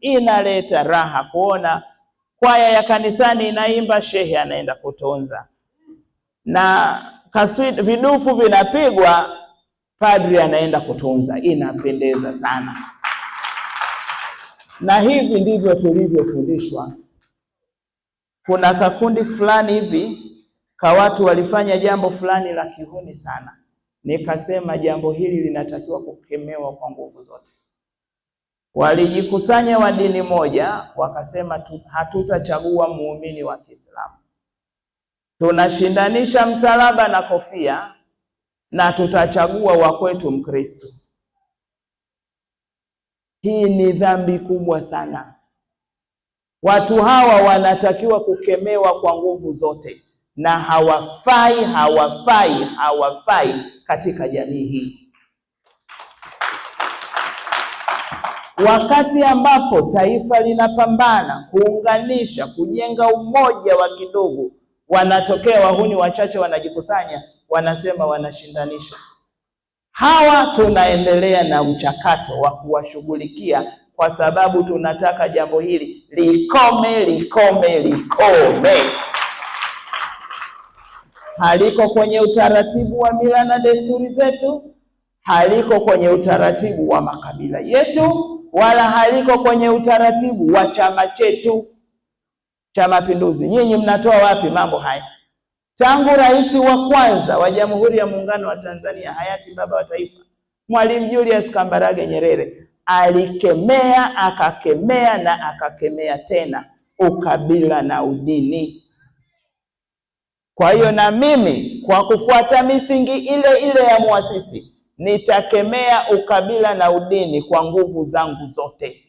inaleta raha kuona kwaya ya kanisani inaimba, shehe anaenda kutunza na kaswidi, vidufu vinapigwa, padri anaenda kutunza. Inapendeza sana, na hivi ndivyo tulivyofundishwa. Kuna kakundi fulani hivi ka watu walifanya jambo fulani la kihuni sana, nikasema jambo hili linatakiwa kukemewa kwa nguvu zote walijikusanya wa dini moja wakasema, hatutachagua muumini wa Kiislamu, tunashindanisha msalaba na kofia na tutachagua wa kwetu Mkristo. Hii ni dhambi kubwa sana. Watu hawa wanatakiwa kukemewa kwa nguvu zote, na hawafai, hawafai, hawafai katika jamii hii. Wakati ambapo taifa linapambana kuunganisha, kujenga umoja wa kidugu, wanatokea wahuni wachache, wanajikusanya, wanasema wanashindanisha. Hawa tunaendelea na mchakato wa kuwashughulikia, kwa sababu tunataka jambo hili likome, likome, likome. Haliko kwenye utaratibu wa mila na desturi zetu, haliko kwenye utaratibu wa makabila yetu wala haliko kwenye utaratibu wa chama chetu cha Mapinduzi. Nyinyi mnatoa wapi mambo haya? Tangu rais wa kwanza wa Jamhuri ya Muungano wa Tanzania, hayati baba wa taifa Mwalimu Julius Kambarage Nyerere alikemea, akakemea na akakemea tena ukabila na udini. Kwa hiyo na mimi kwa kufuata misingi ile ile ya muasisi nitakemea ukabila na udini kwa nguvu zangu zote.